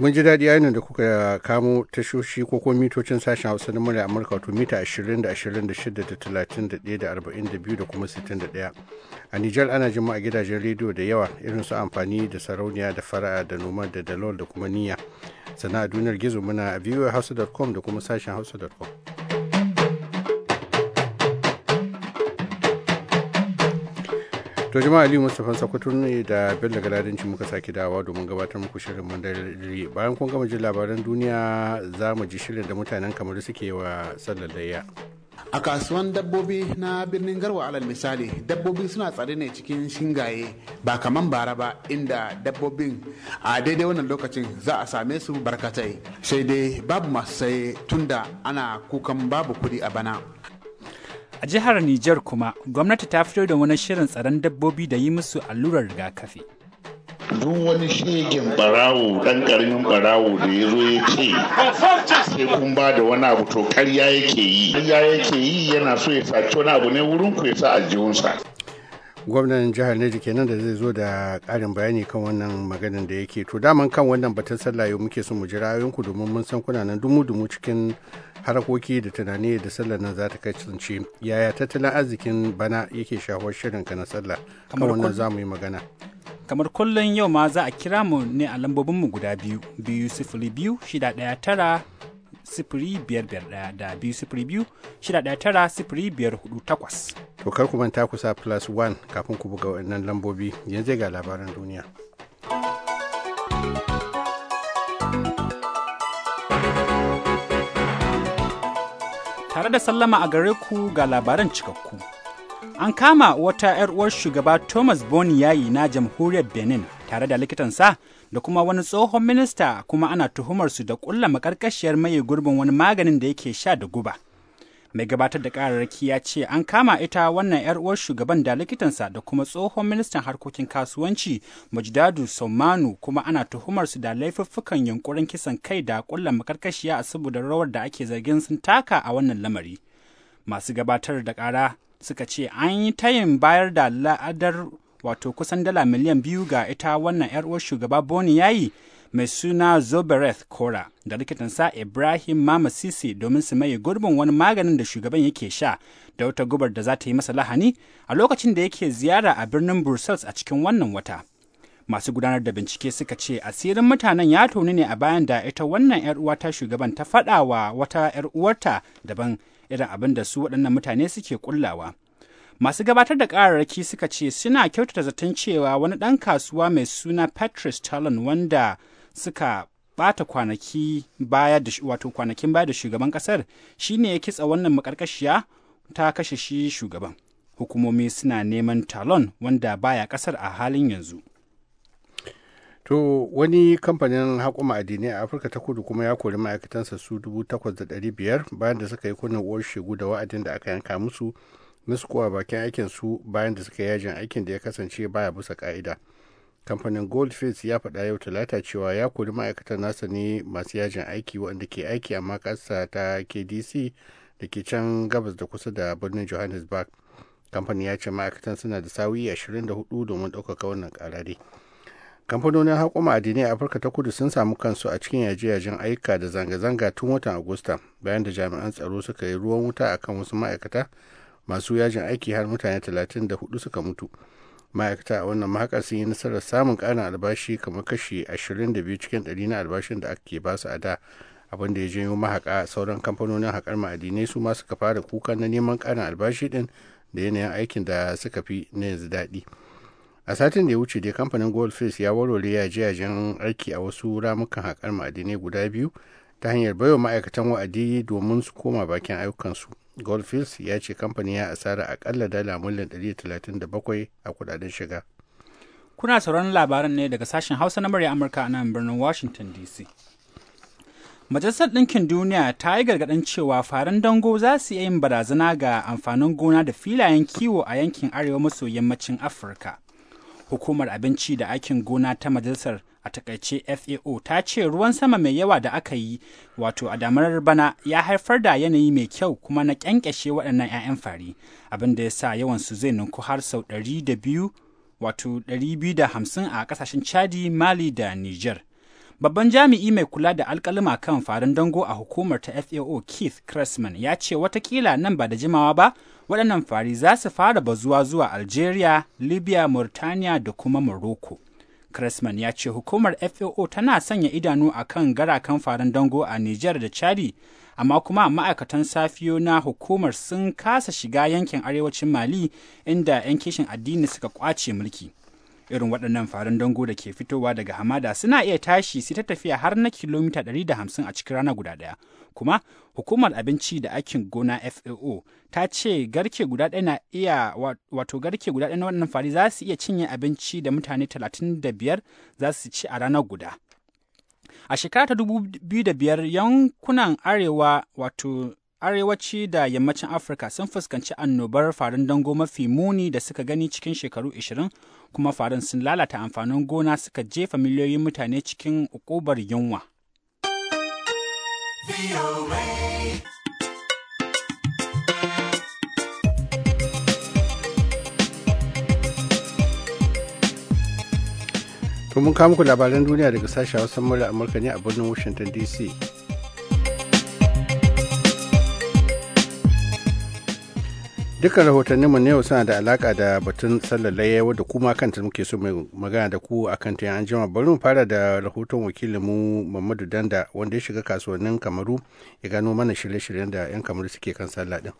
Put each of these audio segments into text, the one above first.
mun ji daɗi yayin da kuka kamo tashoshi ko kuma mitocin sashen hausa na murya amurka wato mita 20 da 26 da 31 da 42 da kuma 61 a nijar ana jin a gidajen rediyo da yawa irin su amfani da sarauniya da fara'a da noma da dalol da kuma niyya sana'a duniyar gizo muna a viewhouse.com da kuma sashen hausa.com to jama'a aliyu mustapha sakwato ne da bello galadinci muka sake dawa domin gabatar muku shirin mandalari bayan kun gama jin labaran duniya za mu ji shirin da mutanen kamar suke wa sallar a kasuwan dabbobi na birnin garwa alal misali dabbobi suna tsare ne cikin shingaye ba kaman bara ba inda dabbobin a daidai wannan lokacin za a same su barkatai sai dai babu masu saye tunda ana kukan babu kudi a bana A jihar Nijar kuma, gwamnati ta fito da wani shirin tsaron dabbobi da yi musu allurar rigakafi. duk wani shegen barawo dan karamin barawo da ya zo ya ce sai kun ba da wani abu to yake yi karya yake yi yana so ya saci wani abu ne wurin ku ya sa aljihunsa gwamnan jihar Neja kenan da zai zo da karin bayani kan wannan maganin da yake to daman kan wannan batun sallah yau muke son mu ji ku domin mun san kuna nan dumu-dumu cikin harakoki da tunani da sallar nan za ta kasance yaya tattalin arzikin bana yake shahuwar shirin ka na sallah kan wannan za mu yi magana kamar kullum yau ma za a kira mu ne a lambobin mu guda biyu biyu sifili biyu shida ɗaya tara 0551 da 202 takwas. To kar ku manta kusa plus 1 kafin ku buga waɗannan lambobi yanzu ga labaran duniya. Tare da sallama a gare ku ga labaran cikakku. An kama wata 'yar uwar shugaba Thomas Boni yayi na jamhuriyar Benin tare da likitansa da kuma wani tsohon minista kuma ana tuhumarsu da ƙulla makarkashiyar maye gurbin wani maganin da yake sha da guba. Mai gabatar da ƙararraki ya ce an kama ita wannan 'yar uwar shugaban da likitansa da kuma tsohon ministan harkokin kasuwanci Majdadu somanu kuma ana tuhumarsu da laifuffukan yunkurin kisan kai da ƙulla makarkashiya a saboda rawar da ake zargin sun taka a wannan lamari. Masu gabatar da ƙara suka ce an yi tayin bayar da la'adar wato kusan dala miliyan biyu ga ita wannan yar'uwar uwar shugaba Boni yayi mai suna Zobereth Kora da sa Ibrahim Mama Sisi domin su mai gurbin wani maganin da shugaban yake sha da wata gubar da za ta yi masa lahani a lokacin da yake ziyara a birnin Brussels a cikin wannan wata. Masu gudanar da bincike suka ce asirin mutanen ya toni ne a bayan da ita wannan 'yar uwa ta shugaban ta faɗawa wata 'yar uwarta daban irin abin da su waɗannan mutane suke kullawa. Masu gabatar da kararraki suka ce suna kyautata zaton cewa wani ɗan kasuwa mai suna Patrice Talon wanda suka bata kwanaki baya da wato kwanakin baya da shugaban kasar shine ya kitsa wannan makarkashiya ta kashe shi shugaban hukumomi suna neman talon wanda baya kasar a halin yanzu to wani kamfanin haƙo ma'adinai a afirka ta kudu kuma ya kori ma'aikatansa su 8,500 bayan da suka yi kunnen uwar shegu da wa'adin da aka yanka musu musku bakin aikin su bayan da suka yajin aikin da ya kasance baya bisa ka'ida kamfanin goldfish ya faɗa yau talata cewa ya kori ma'aikatan nasa ne masu yajin aiki waɗanda ke aiki a makasa ta kdc da ke can gabas da kusa da birnin johannesburg kamfanin ya ce ma'aikatan suna da sawi 24 domin ɗaukaka wannan ƙarare kamfanonin haƙo ma'adinai a afirka ta kudu sun samu kansu a cikin yaje-yajen ayyuka da zanga-zanga tun watan agusta bayan da jami'an tsaro suka yi ruwan wuta akan wasu ma'aikata masu yajin aiki har mutane 34 suka mutu ma'aikata a wannan mahakar sun yi nasarar samun ƙarin albashi kamar kashi 22 cikin 100 na albashin da ake ba su a da abin da ya janyo mahaka sauran kamfanonin haƙar ma'adinai su ma suka fara kuka na neman ƙarin albashi din da yanayin aikin da suka fi na yanzu daɗi a satin da ya wuce dai kamfanin goldfish ya warware yaje-yajen aiki a wasu ramukan haƙar ma'adinai guda biyu ta hanyar baiwa ma'aikatan wa'adi domin su koma bakin ayyukansu goldfields ya ce kamfani ya asara akalla dala miliyan 137 a kudaden shiga kuna sauran labaran ne daga sashen hausa na murya amurka a nan birnin washington dc Majalisar Ɗinkin Duniya ta yi gargaɗin cewa farin dango za su iya yin barazana ga amfanin gona da filayen kiwo a yankin arewa maso yammacin Afirka. Hukumar Abinci da Aikin Gona ta Majalisar a takaice fao ta ce ruwan sama mai yawa da aka yi wato a damarar bana ya haifar da yanayi mai kyau kuma na kyankyashe waɗannan 'ya'yan fari abin da ya sa yawansu zai ninku har sau 200 wato 250 a kasashen chadi mali da niger babban jami'i mai kula da alkalima kan farin dango a hukumar ta fao keith cressman ya ce watakila nan ba da jimawa ba waɗannan fari za su fara bazuwa zuwa algeria libya Mauritania da kuma morocco Cressman ya ce hukumar FAO tana sanya idanu a kan garakan faran dango a Nijar da Chadi, amma kuma ma'aikatan safiyo na hukumar sun kasa shiga yankin arewacin Mali inda 'yan kishin addini suka kwace mulki. irin waɗannan farin dango da ke fitowa daga hamada suna iya tashi su ta tafiya har na kilomita 150 a cikin rana guda ɗaya kuma hukumar abinci da aikin gona fao ta ce garke guda ɗaya na iya wato garke guda ɗaya na waɗannan fari za su iya cinye abinci da mutane 35 za su ci a rana guda a shekara ta 2005 yankunan arewa wato arewaci da yammacin afirka sun fuskanci annobar farin dango mafi muni da suka gani cikin shekaru 20 kuma farin sun lalata amfanin gona suka jefa miliyoyin mutane cikin ukubar yunwa. To mun kawo muku labaran duniya daga sashen Hausa murya Amurka ne a birnin Washington DC. dukkan mu mu yau suna da alaka da batun sallar layya wadda kuma kanta muke so mai magana da ku a ta an jima bari mu fara da rahoton wakilin mu muhammadu danda wanda ya shiga kasuwannin kamaru ya gano mana shirye-shiryen da 'yan kamaru suke kan sallah din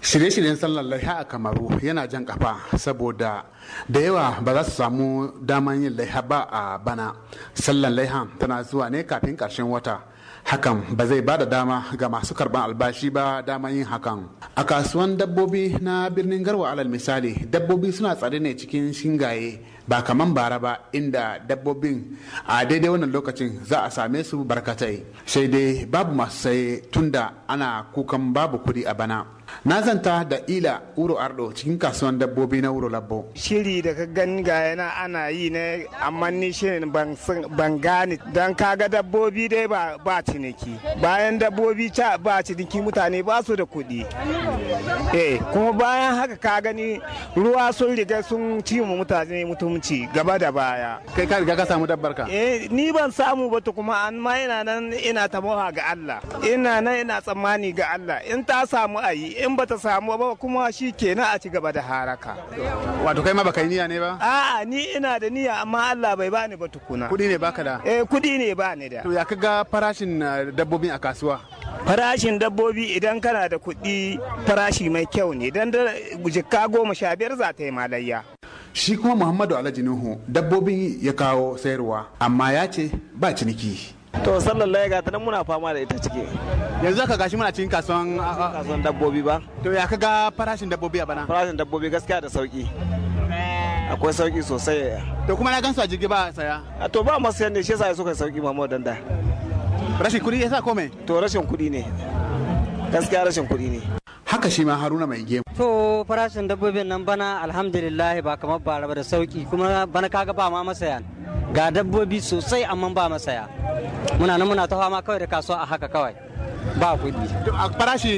shirye-shiryen sallar laiha a kamaru yana jan kafa saboda da yawa ba za su samu daman yin laiha ba a bana sallar laiha tana zuwa ne kafin karshen wata hakan ba zai bada dama ga masu karban albashi ba dama yin hakan a kasuwan dabbobi na birnin garwa alal misali dabbobi suna tsare ne cikin shingaye ba kaman bara ba inda dabbobin a daidai wannan lokacin za a same su barkatai sai dai babu masu saye tunda ana kukan babu kuɗi a bana na zanta da ila uro ardo cikin kasuwan dabbobi na uro labbo shiri da ka gani ga yana ana yi ne amma ni ne ban gane don kaga dabbobi dai ba ciniki bayan dabbobi ba ciniki mutane ba su da kuɗi eh kuma bayan haka ka gani ruwa sun riga sun ci mutane mutum zumunci gaba da baya kai ka riga ka samu dabbar ka eh ni ban samu ba kuma an ma ina nan ina tabawa ga Allah ina nan ina tsammani ga Allah in ta samu ayi in bata samu ba kuma shi kenan a ci gaba da haraka wato kai ma baka yi niyya ne ba a'a ni ina da niyya amma Allah bai bani ba tukuna kudi ne baka da eh kudi ne bani da to ya kaga farashin uh, dabbobin a kasuwa farashin dabbobi idan kana da kuɗi farashi mai kyau ne idan da jikka goma sha biyar za ta yi malayya shi kuma muhammadu alhaji nuhu dabbobin ya kawo sayarwa amma ya ce ba ciniki to sallallahu ga nan muna fama da ita ciki yanzu aka gashi muna cikin kasuwan kasuwan dabbobi ba to ya kaga farashin dabbobi a bana farashin dabbobi gaskiya da sauki akwai sauki sosai to kuma na gansu a jirgi ba saya a to ba masu ne shi yasa suka sauki mamu danda rashin kuɗi yasa komai to rashin kuɗi ne gaskiya rashin kuɗi ne haka shi ma haruna mai gemu to farashin dabbobin nan bana alhamdulillah ba kamar bara ba da sauki kuma bana kaga ba ma masaya ga dabbobi sosai amma ba masaya muna nan muna ta fama kawai da kasuwa a haka kawai ba kuɗi a farashi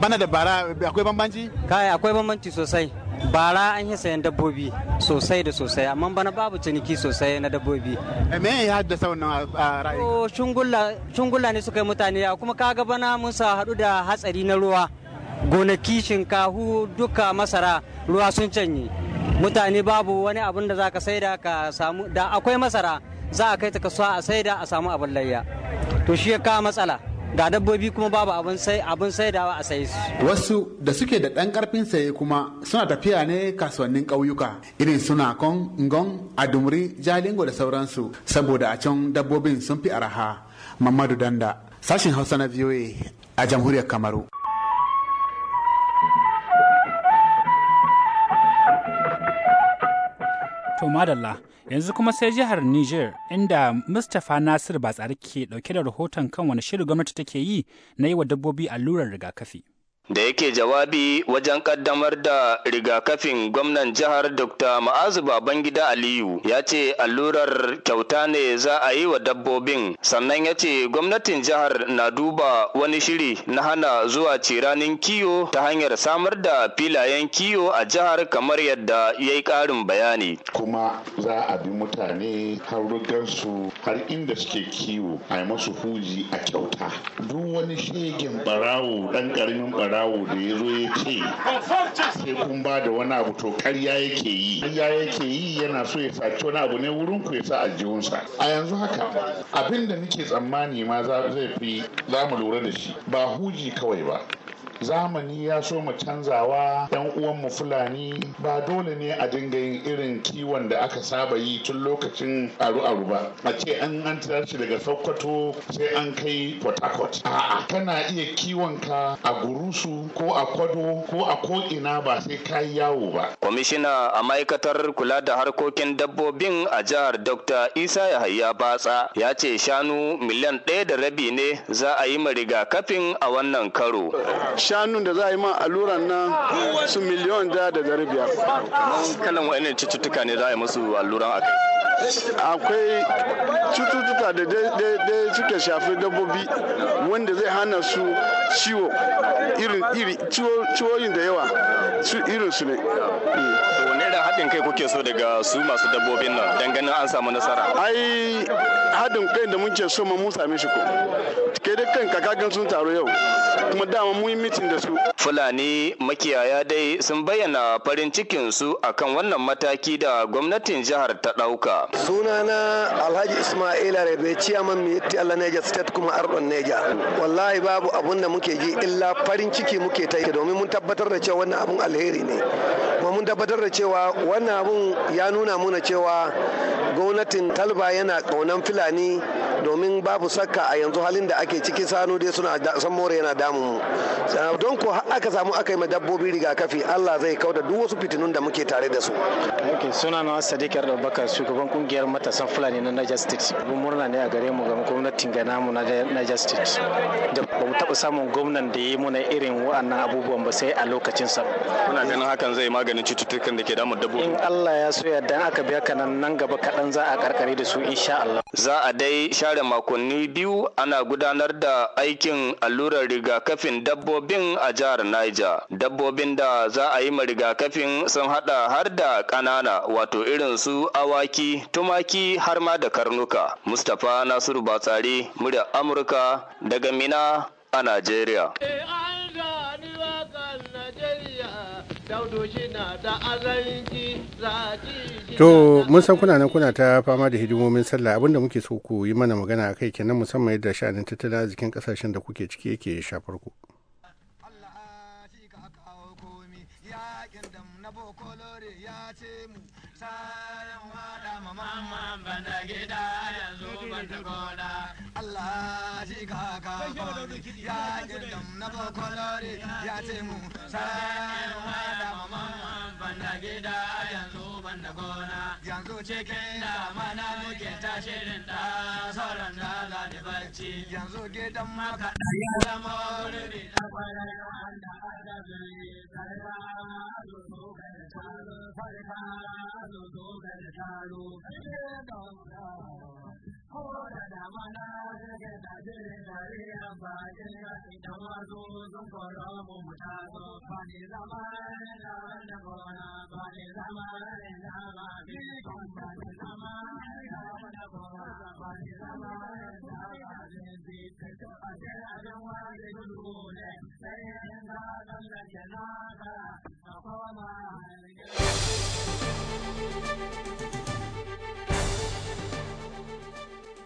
bana da bara akwai bambanci kai akwai bambanci sosai bara an yi sayan dabbobi sosai da sosai amma bana babu ciniki sosai na dabbobi eh, me ya haddasa wannan ra'ayi shungulla shungulla ne suka yi mutane kuma kaga bana mun sa hadu da hatsari na ruwa gonaki shinkahu duka masara ruwa sun canye mutane babu wani abin da za ka saida ka samu da akwai masara za a kai ta kasuwa a saida a samu abin layya to shi ya kawo matsala ga dabbobi kuma babu abin sai abin saidawa a sayi su wasu da suke da ɗan karfin saye kuma suna tafiya ne kasuwannin ƙauyuka irin suna kon ngon adumri jalingo da sauransu saboda a can dabbobin sun fi araha mamadu danda sashin hausa na voa a jamhuriyar kamaru To madalla, yanzu kuma sai jihar Niger inda Mustapha Nasir Batsari ke dauke da rahoton kan wani shirin gwamnati take yi na yi wa dabbobi allurar rigakafi. da yake jawabi wajen kaddamar da rigakafin gwamnan jihar dr ma'azu babangida aliyu ya ce allurar kyauta ne za a yi wa dabbobin sannan ya ce gwamnatin jihar na duba wani shiri na hana zuwa ciranin kiyo ta hanyar samar da filayen kiyo a jihar kamar yadda ya yi karin bayani kuma za a bi mutane har su har inda suke kiwo a yi masu huji a kyauta duk wani shegen barawo dan karamin barawo barawo da ya zo ya ce sai kun ba da wani abu to karya yake yi karya yake yi yana so ya saci wani abu ne wurin ku ya sa aljihunsa a yanzu haka abin da nake tsammani ma zai fi za mu lura da shi ba huji kawai ba zamani ya so mu canzawa yan uwan mu fulani ba dole ne a dinga yin irin kiwon da aka saba yi tun lokacin aru-aru ba a ce an an shi daga sokoto sai an kai port harcourt a'a kana iya kiwon ka a gurusu ko a kwado ko a ko'ina ba sai ka yi yawo ba kwamishina a ma'aikatar kula da harkokin dabbobin a jihar dr isa yahaya batsa ya ce shanu miliyan ɗaya da rabi ne za a yi ma rigakafin a wannan karo shanun da za a yi ma alluran nan su miliyon da da dari biyar. Kalan wa'annan cututtuka ne za a yi musu alluran a kai. akwai cututtuka da dai suke shafi dabbobi wanda zai hana su ciwo irin ciwoyin da yawa su irin su ne irin haɗin kai kuke so daga su masu dabbobin nan don ganin an samu nasara ai haɗin kai da muke so mun same shi ko ke ka kakakin sun taro yau kuma dama mun yi mitin da su fulani makiyaya dai sun bayyana farin cikin su akan wannan mataki da gwamnatin jihar ta ɗauka sunana alhaji ismaila rabe ciyaman miyatti allah niger state kuma arɗon Niger. wallahi babu abun da muke ji illa farin ciki muke ta domin mun tabbatar da cewa wannan abun alheri ne mun tabbatar da cewa wannan abun ya nuna muna cewa gwamnatin talba yana kaunan fulani domin babu sakka a yanzu halin da ake ciki sanu dai suna san more yana damun mu don ko aka samu aka yi ma dabbobi rigakafi Allah zai kauda duk wasu fitinun da muke tare da su okay suna na Sadiq Abubakar shugaban kungiyar matasan Fulani na Niger State mun murna ne a gare mu ga gwamnatin ga namu na Niger State da ba mu taba samun gwamnan da ya yi muna irin wa'annan abubuwan ba sai a lokacin sa muna ganin hakan zai magani cututtukan da ke damun dabbobi in Allah ya so yadda aka biya ka nan nan gaba kaɗan za a karkare da su insha Allah za a dai share makonni biyu ana gudanar da aikin allurar rigakafin dabbobin a jihar Niger dabbobin da za a yi ma rigakafin sun haɗa har da ƙanana wato irin su awaki tumaki har ma da karnuka Mustapha Nasiru Batsari murya Amurka daga Mina a eh, Najeriya. To mun san kuna nan kuna ta fama da hidimomin sallah abinda muke so ku yi mana magana a kai kenan musamman yadda sha'anin tattalin arzikin kasashen da kuke ciki yake shafar ku. ya ce mu banda gida yanzu banda gona yanzu cikin damana muke tashirin da sauran da za da bacci yanzu gidan maka ya zama wurbi na kwarai wanda aka zai karfa zuzo ga taro karfa zuzo ga taro Oh, dama na wajen gada jirgin tarihin bakin rafi da wazo sun koro mu mutazo ba ne zama da wanda gona ba ne zama da zama bi ba ne zama da wanda gona ba ne zama da zama bi bi ta ta a ce abin wani gudu ne sai yin zaɓen da ke naka a koma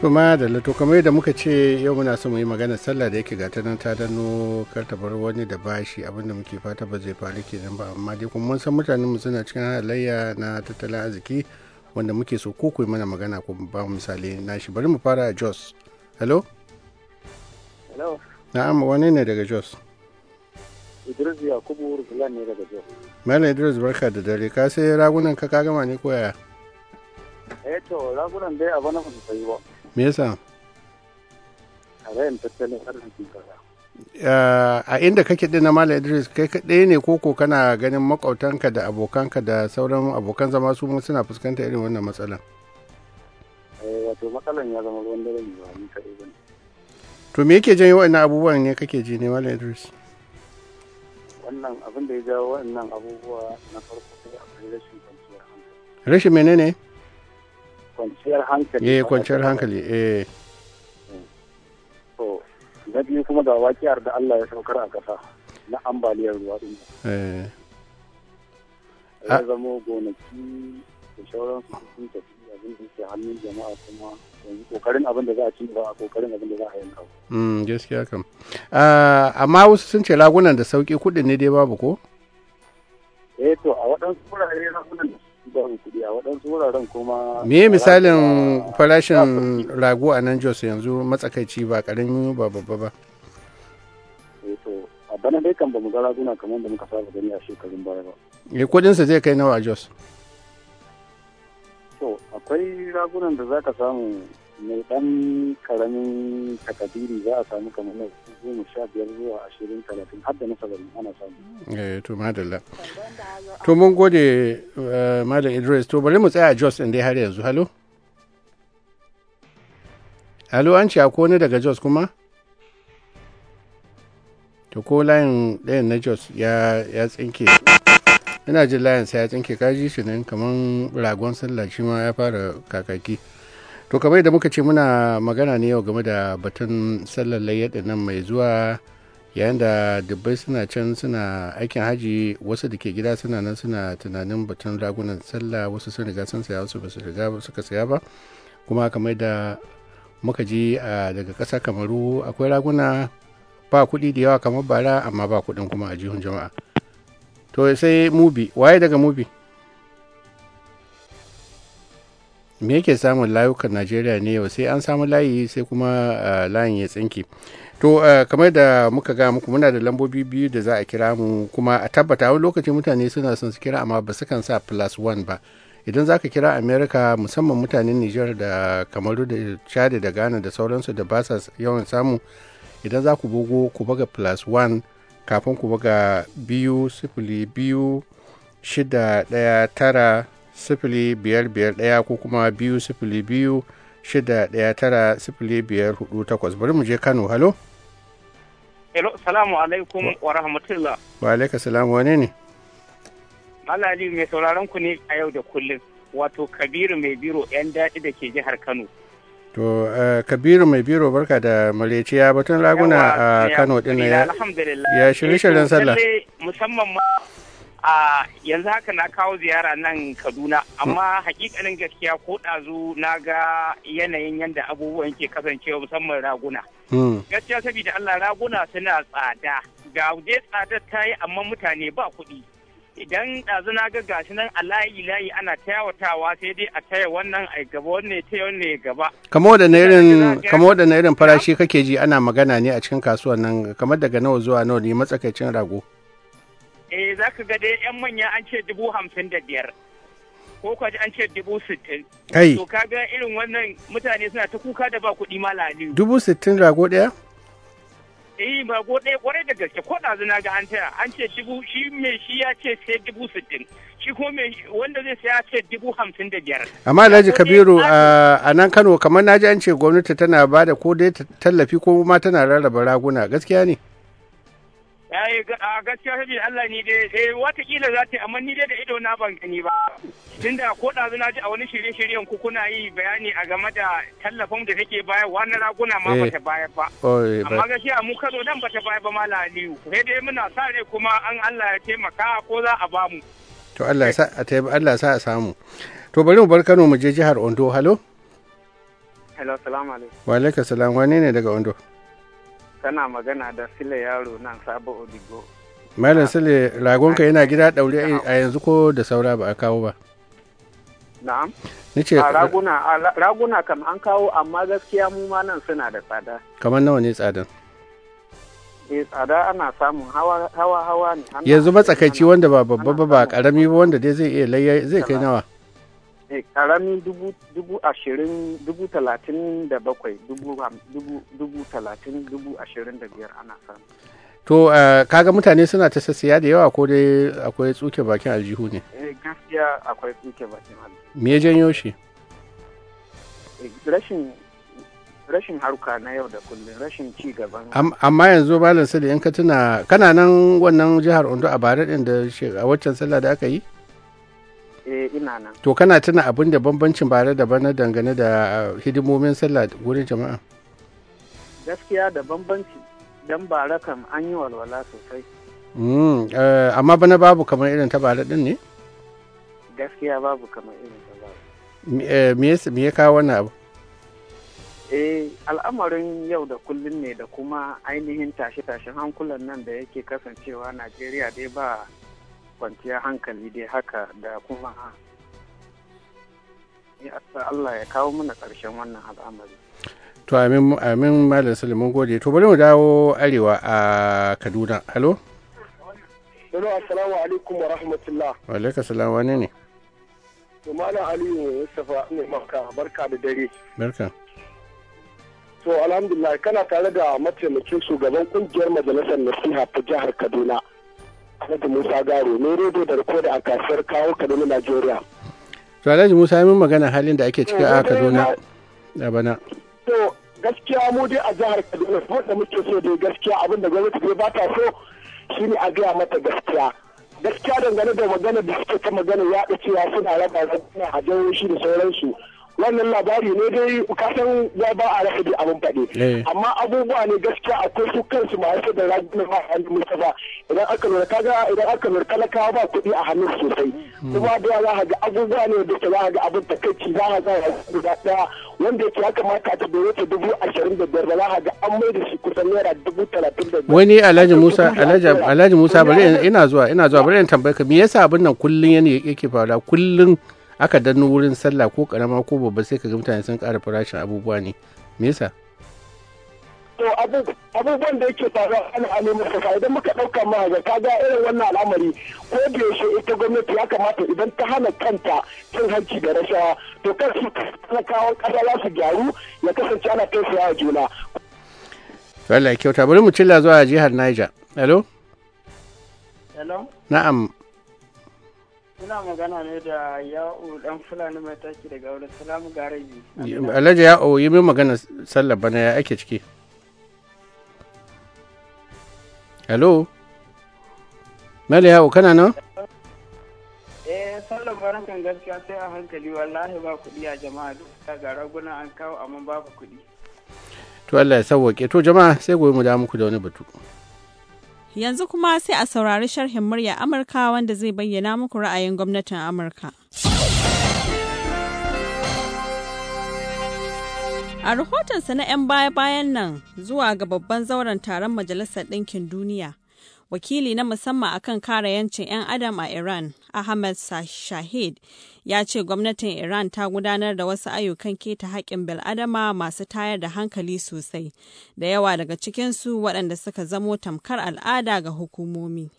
to ma da lato kamar yadda muka ce yau muna so mu yi magana sallah da yake gata ta nan ta dano kar ta bar wani da bashi abinda muke fata ba zai faru kenan ba amma dai kuma mun san mutanen mu suna cikin halayya na tattalin arziki wanda muke so ko ku mana magana ko ba mu misali na shi bari mu fara Jos hello hello na'am wani ne daga Jos Idris Yakubu Ursulan ne daga Jos Malam Idris barka da dare ka sai ragunan ka ka gama ne koya eh to ragunan dai a bana ba su ba me yasa tattalin arziki a inda kake din na mala Idris kai kaɗai ne koko kana ganin makautanka da abokanka da sauran abokan zama su suna fuskantar irin wannan matsalan eh, wato matsalan ya zama ruwan dare ne ba ni kaɗai ba to me yake janyo wa'annan abubuwan ne kake ji ne mala Idris wannan abin da ya jawo wa'annan abubuwa na farko sai a rashin kwanciyar hankali rashin menene ne kwanciyar hankali eh kwanciyar hankali eh to na biyu kuma da wakiyar da Allah ya saukar a ƙasa na ambaliyar ruwa din eh ya ah. zama gonaki da sauransu sun tafi abin da ke hannun jama'a kuma yanzu kokarin abin da za a ci ba a kokarin abin da za a yi kawo mm gaskiya kam ah, amma wasu sun ce lagunan da sauki kudin ne dai babu ko eh to a waɗansu wurare lagunan da samun kuɗi a waɗansu wuraren kuma me misalin farashin rago a nan jos yanzu matsakaici ba ƙarami ba babba ba eh, to a bana dai kan ba mu ga raguna kamar da muka saba gani a shekarun baya ba e kuɗinsa zai kai nawa jos to akwai ragunan da za ka samu mai dan karamin takadiri za a samu kamar na goma sha biyar zuwa ashirin talatin har da na saba'in ana samu. eh to madalla to mun gode eh, malam idris to bari mu tsaya jos inda dai har yanzu halo halo an ce akwai wani daga jos kuma to ko layin ɗayan na jos ya tsinke ina jin layin ya tsinke kaji shi nan kamar ragon sallah shi ma ya fara kakaki to kamar da muka ce muna magana ne yau game da batun sallar layyaɗin nan mai zuwa yayin da dubbai suna can suna aikin haji wasu da ke gida suna nan suna tunanin batun ragunan sallah wasu sun riga sun saya wasu ba su riga suka saya ba kuma kamar da muka ji daga ƙasa kamaru akwai raguna ba kuɗi da yawa kamar bara amma ba kuɗin kuma a jihun jama'a to sai mubi waye daga mubi me yake samun layukan najeriya ne yau sai an samu layi sai kuma layin ya tsinki to kamar da muka ga muku muna da lambobi biyu da za a kira mu kuma a tabbata wani lokaci mutane suna son su kira amma ba su kan sa plus one ba idan za ka kira america musamman mutanen niger da kamaru da chad da ghana da sauransu da ba sa yawan samu idan za ku bugo ku buga plus one kafin ku buga biyu sifili biyu shida daya tara sifili biyar biyar ɗaya ko kuma biyu sifili biyu shida ɗaya tara sifili biyar hudu takwas bari mu je kano halo hello salamu alaikum wa rahmatullah wa alaikum salamu wane ne malali mai sauraron ku ne a yau da kullum wato kabiru mai biro yan daɗi da ke jihar kano to eh, kabiru mai biro barka da maleciya batun laguna a kano ɗin ya shirye-shiryen eh, sallah musamman ma a yanzu haka na kawo ziyara nan kaduna amma hakikanin gaskiya ko ɗazu na ga yanayin yadda abubuwan ke kasancewa musamman raguna hmm. gaskiya saboda allah raguna suna tsada ga dai tsadar ta yi amma mutane ba kuɗi idan ɗazu na ga gashi nan a layi layi ana tayawatawa sai dai a taya wannan a gaba wanne ta wanne gaba kamar da na irin farashi kake ji ana magana ne a cikin kasuwan nan kamar daga nawa zuwa nawa ne matsakaicin rago eh za ka ga dai yan manya an ce dubu hamsin da biyar ko kwa an ce dubu sittin to ka ga irin wannan mutane suna ta kuka da ba kuɗi ma laliyu dubu sittin rago ɗaya eh rago ɗaya kwarai da gaske ko da zina ga an taya an ce dubu shi mai shi ya ce sai dubu sittin shi ko mai wanda zai saya ce dubu hamsin da biyar amma alhaji kabiru a nan kano kamar na ji an ce gwamnati tana ba da ko dai tallafi ko ma tana rarraba raguna gaskiya ne yayi a gaskiya sabi Allah ni dai eh watakila za ta amma ni dai da ido na ban gani ba tunda ko da na ji a wani shirye-shiryen ku kuna yi bayani a game da tallafin da take wa na raguna ma bata eh. bayar ba amma gaskiya mu kano dan bata bayar ba mala Aliyu sai dai muna sa rai kuma an Allah ya taimaka ko za a bamu to Allah sa a Allah sa a samu to bari mu bar Kano mu je jihar Ondo halo hello assalamu alaikum wa alaikum assalam wane ne daga Ondo kana magana da sile yaro nan sabo odigo malam ah. sile ragonka yana gida daure a yanzu ko da saura ba a kawo ba na'am ce raguna raguna kam an kawo amma gaskiya mu ma nan suna da tsada kamar nawa ne tsadan eh tsada ana samun hawa hawa ne yanzu matsakaici wanda ba babba ba ba karami ba wanda dai zai iya layya zai kai nawa Eh, karami dubu ashirin dubu talatin da bakwai dubu talatin dubu ashirin da biyar ana samu to eh, kaga mutane suna ta sassiya da yawa ko dai akwai tsuke bakin aljihu ne eh, gaskiya akwai tsuke bakin aljihu me ya janyo shi rashin rashin harka na yau da kullum rashin ci gaban amma yanzu malam sali in ka tuna kana nan wannan jihar ondo a bare din da a waccan sallah da aka yi Eh, ina nan to kana tuna abin da bambancin bare da bana dangane da uh, hidimomin sallah wurin jama'a gaskiya da bambanci don bare kam an yi walwala sosai mm, eh, amma bana babu kamar irin ta bara din ne gaskiya babu kamar irin ta bara eh, me ya kawo wannan abu eh al'amarin yau da kullum ne da kuma ainihin tashe-tashen hankulan nan da yake kasancewa najeriya dai ba kwanciyar hankali dai haka da kuma Allah ya kawo mana ƙarshen wannan al'amari. To amin amin Malam Suleiman gode. To bari mu dawo arewa a Kaduna. Halo? Hello, assalamu alaikum wa rahmatullah. Wa alaikum salam wani ne? To Malam Aliyu Mustafa ne maka barka da dare. Barka. To alhamdulillah kana tare da mataimakin shugaban kungiyar majalisar nasiha ta jihar Kaduna. Alhaji Musa Garo ne rodo da da a kasuwar kawo Kaduna Najeriya. To Alhaji Musa mun magana halin da ake ciki a eh, Kaduna da eh, bana. To gaskiya mu dai a jihar Kaduna da muke so dai gaskiya abin da gwamnati dai ba ta so shine a gaya mata gaskiya. Gaskiya dangane da magana da suke ta magana ya yaɗa cewa suna raba a jihohi da sauransu. wannan labari ne dai kasan ya ba a rasa abin faɗi eh. amma abubuwa ne gaskiya akwai su kansu masu da rajin ma hannun mustafa idan aka lura kaga idan aka lura talakawa ba kuɗi a hannun sosai hmm. kuma da za ga abubuwa ne da za ga abin takaici za a ga guda ɗaya wanda yake ya kamata ta bai wata dubu ashirin da biyar ba za ga an mai da shi kusan naira dubu talatin da biyar. wani alhaji musa alhaji musa bari ina zuwa ina zuwa bari in tambaye ka me yasa abin nan kullum yake faruwa kullum aka danno wurin sallah ko karama ko babba sai ka ga mutane sun kara farashin abubuwa ne me yasa to abubuwan da yake faruwa ana alamu saka idan muka ɗauka ma ga irin wannan al'amari ko da yaushe ita gwamnati ya kamata idan ta hana kanta cin hanci da rashawa to kar su kawo ƙasa za su gyaru ya kasance ana kai su juna. Wallahi kyauta bari mu cilla zuwa jihar Niger. Hello? Na'am. Ina magana ne da ya'u dan fulani mai taki daga wani salamu garaji. Alhaji ya'u yi min magana sallar bana ya ake ciki. Hello? Mali ya'u kana nan? Eh sallar bana kan gaskiya sai a hankali wallahi ba kuɗi a jama'a duk gara raguna an kawo amma babu kuɗi. To Allah ya sauwaƙe to jama'a sai gobe mu da muku da wani batu. Yanzu kuma sai a saurari sharhin murya Amurka wanda zai bayyana muku ra'ayin gwamnatin Amurka. A rahotonsa na 'yan baya-bayan nan zuwa ga babban zauren taron Majalisar Ɗinkin Duniya, wakili na musamman akan kare 'yancin 'yan adam a iran ahmed shahid ya ce gwamnatin iran ta gudanar da wasu ayyukan keta haƙƙin bil'adama masu tayar da hankali sosai da yawa daga cikinsu waɗanda suka zamo tamkar al'ada ga hukumomi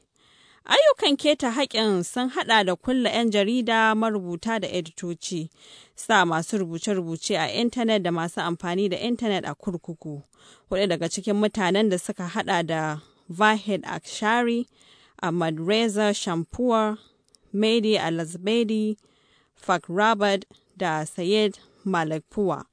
ayyukan keta haƙƙin sun haɗa da kulla 'yan jarida marubuta da editoci sa masu rubuce-rubuce a intanet da masu amfani da intanet a kurkuku huɗu daga cikin mutanen da suka haɗa da Vahid Akshari, Ahmad Reza Shampur, Mehdi Alazbedi, Fak Rabat da Sayed Malakpuwa,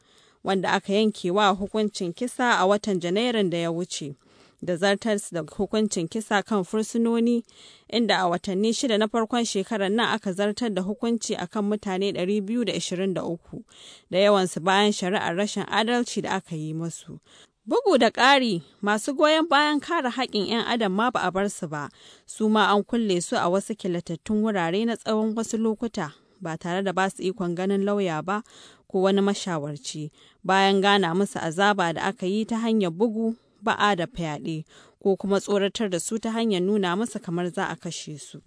wanda aka yanke wa hukuncin kisa a watan Janairun da ya wuce. da zartar da hukuncin kisa kan fursunoni inda a watanni shida na farkon shekarar nan aka zartar da hukunci akan mutane 223 da yawansu bayan shari'ar rashin adalci da aka yi masu Bugu da ƙari, masu goyon bayan kare haƙƙin 'yan adam ma ba a bar su ba, su ma an kulle su a wasu kilatattun wurare na tsawon wasu lokuta ba tare da ba su ikon ganin lauya ba ko wani mashawarci bayan gana musu azaba da aka yi ta hanyar bugu ba'a da fyaɗe ko kuma tsoratar da su ta hanyar nuna musu kamar za a kashe su.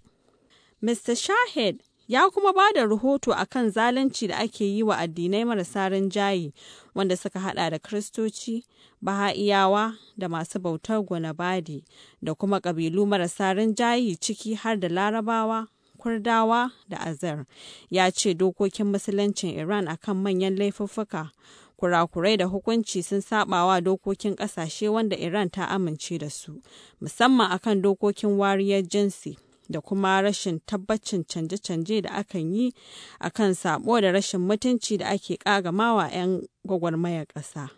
Mr. Shahid ya kuma ba da rahoto a kan zalunci da ake yi wa addinai marasa rinjaye wanda suka hada da kristoci baha'iyawa da masu bautar gwanabadi da kuma ƙabilu marasa rinjaye ciki har da larabawa kurdawa da azar ya ce dokokin musuluncin iran akan manyan laifuffuka kurakurai da hukunci sun sabawa dokokin kasashe wanda iran ta amince da su musamman akan dokokin wariyar jinsi da kuma rashin tabbacin canje-canje da akan yi a kan sabo da rashin mutunci da ake kagamawa 'yan gwagwarmayar ƙasa.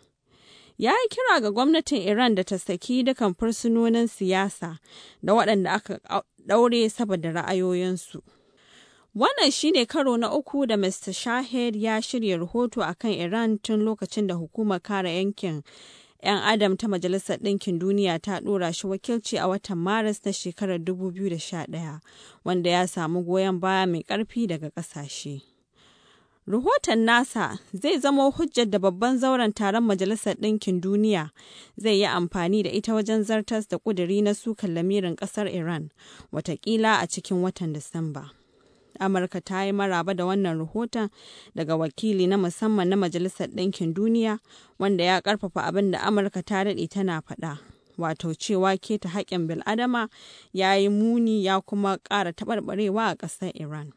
Ya yi kira ga gwamnatin Iran da ta saki dukan fursunonin siyasa da waɗanda aka ɗaure saboda ra'ayoyinsu. Wannan shi ne karo na uku da Mr. Shahed ya shirya rahoto a kan Iran tun lokacin da hukumar kare yankin 'yan adam ta majalisar ɗinkin duniya ta ɗora shi wakilci a watan maris na shekarar 2011 wanda ya samu goyon baya mai ƙarfi daga ƙasashe. Rahoton NASA zai zama hujjar da babban zauren taron Majalisar Ɗinkin Duniya zai yi amfani da ita wajen zartas da ƙuduri na sukan lamirin ƙasar Iran, watakila a cikin watan Disamba. Amurka ta yi maraba da wannan rahoton daga wakili na musamman na Majalisar Ɗinkin Duniya wanda ya ƙarfafa abin da Amurka ta daɗe tana faɗa. Wato cewa keta haƙƙin bil'adama ya yi muni ya kuma ƙara taɓarɓarewa a ƙasar Iran.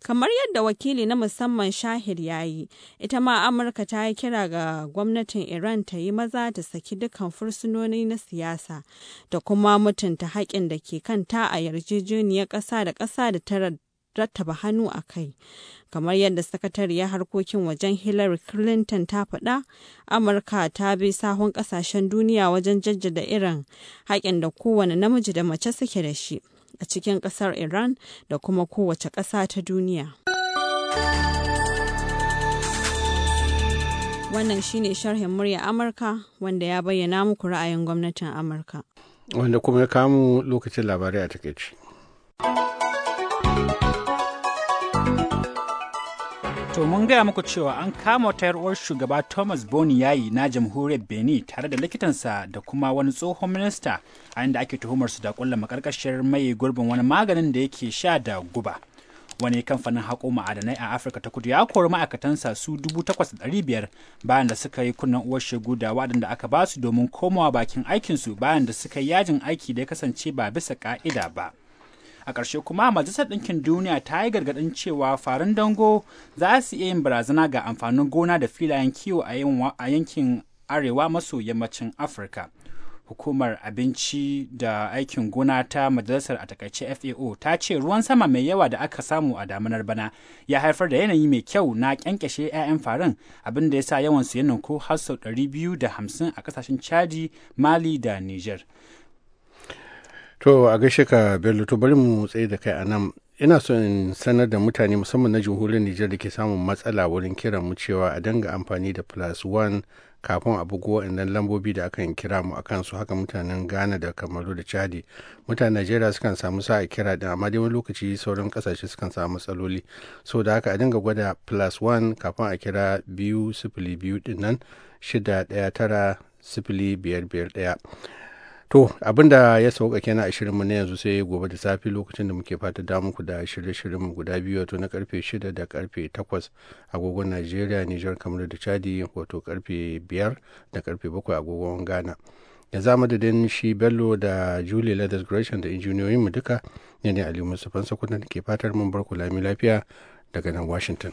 kamar yadda wakili na musamman shahir ya yi ita ma amurka ta yi kira ga gwamnatin iran ta yi maza ta saki dukkan fursunoni na siyasa da kuma mutunta haƙƙin da ke kanta a yarjejeniyar ƙasa da ƙasa da tarar. rattaba hannu a kai kamar yadda sakatariyar harkokin wajen hillary clinton ta faɗa amurka ta bi sahun ƙasashen duniya wajen jaddada iran haƙin da kowane namiji da mace suke da shi a cikin ƙasar iran da kuma kowace ƙasa ta duniya wannan shine sharhin murya amurka wanda ya bayyana muku ra'ayin gwamnatin amurka wanda kuma ya kamu lokacin labarai a takaici. To mun gaya muku cewa an kama wata uwar shugaba Thomas Boni yayi na jamhuriyar Benin tare da likitansa da kuma wani tsohon minista a inda ake tuhumar su da kulla makarkashiyar mai gurbin wani maganin da yake sha da guba. Wani kamfanin haƙo ma'adanai a Afirka ta kudu ya kori ma'aikatansa su 8,500 bayan da suka yi kunnen uwar shegu da waɗanda aka ba su domin komawa bakin aikinsu bayan da suka yi yajin aiki da ya kasance ba bisa ƙa'ida ba. a ƙarshe kuma majalisar ɗinkin duniya ta yi gargaɗin cewa farin dango za su iya yin barazana ga amfanin gona da filayen kiwo a yankin arewa maso yammacin afirka hukumar abinci da aikin gona ta majalisar a takaice fao ta ce ruwan sama mai yawa da aka samu a damunar bana ya haifar da yanayi mai kyau na kyankyashe 'ya'yan farin abin da ya sa yawan su ya ko har sau 250 a kasashen chadi mali da niger To a gaishe ka Bello to bari mu tsaye da kai a nan ina so in sanar da mutane musamman na jamhuriyar Nijar da ke samun matsala wurin kiran mu cewa a danga amfani da plus one kafin a bugu waɗannan lambobi da aka kira mu akan su haka mutanen Ghana da Kamaru da Chadi mutanen Najeriya sukan samu sa a kira da amma dai wani lokaci sauran kasashe sukan samu matsaloli so da haka a dinga gwada plus one kafin a kira biyu sifili biyu dinnan shida ɗaya tara sifili biyar biyar ɗaya to abinda ya sauka kenan a shirinmu na yanzu sai gobe da safi lokacin da muke fata da muku da shirye-shiryenmu guda biyu wato na karfe 6 da karfe 8 agogon Najeriya, Nijar, kamar da Chadi wato karfe 5 da karfe 7 agogon Ghana. da zamadadin shi bello da julie leathers gresham da mu duka ne ne aliyu mustapha sakwata da ke fatar mun barku lami lafiya daga nan washington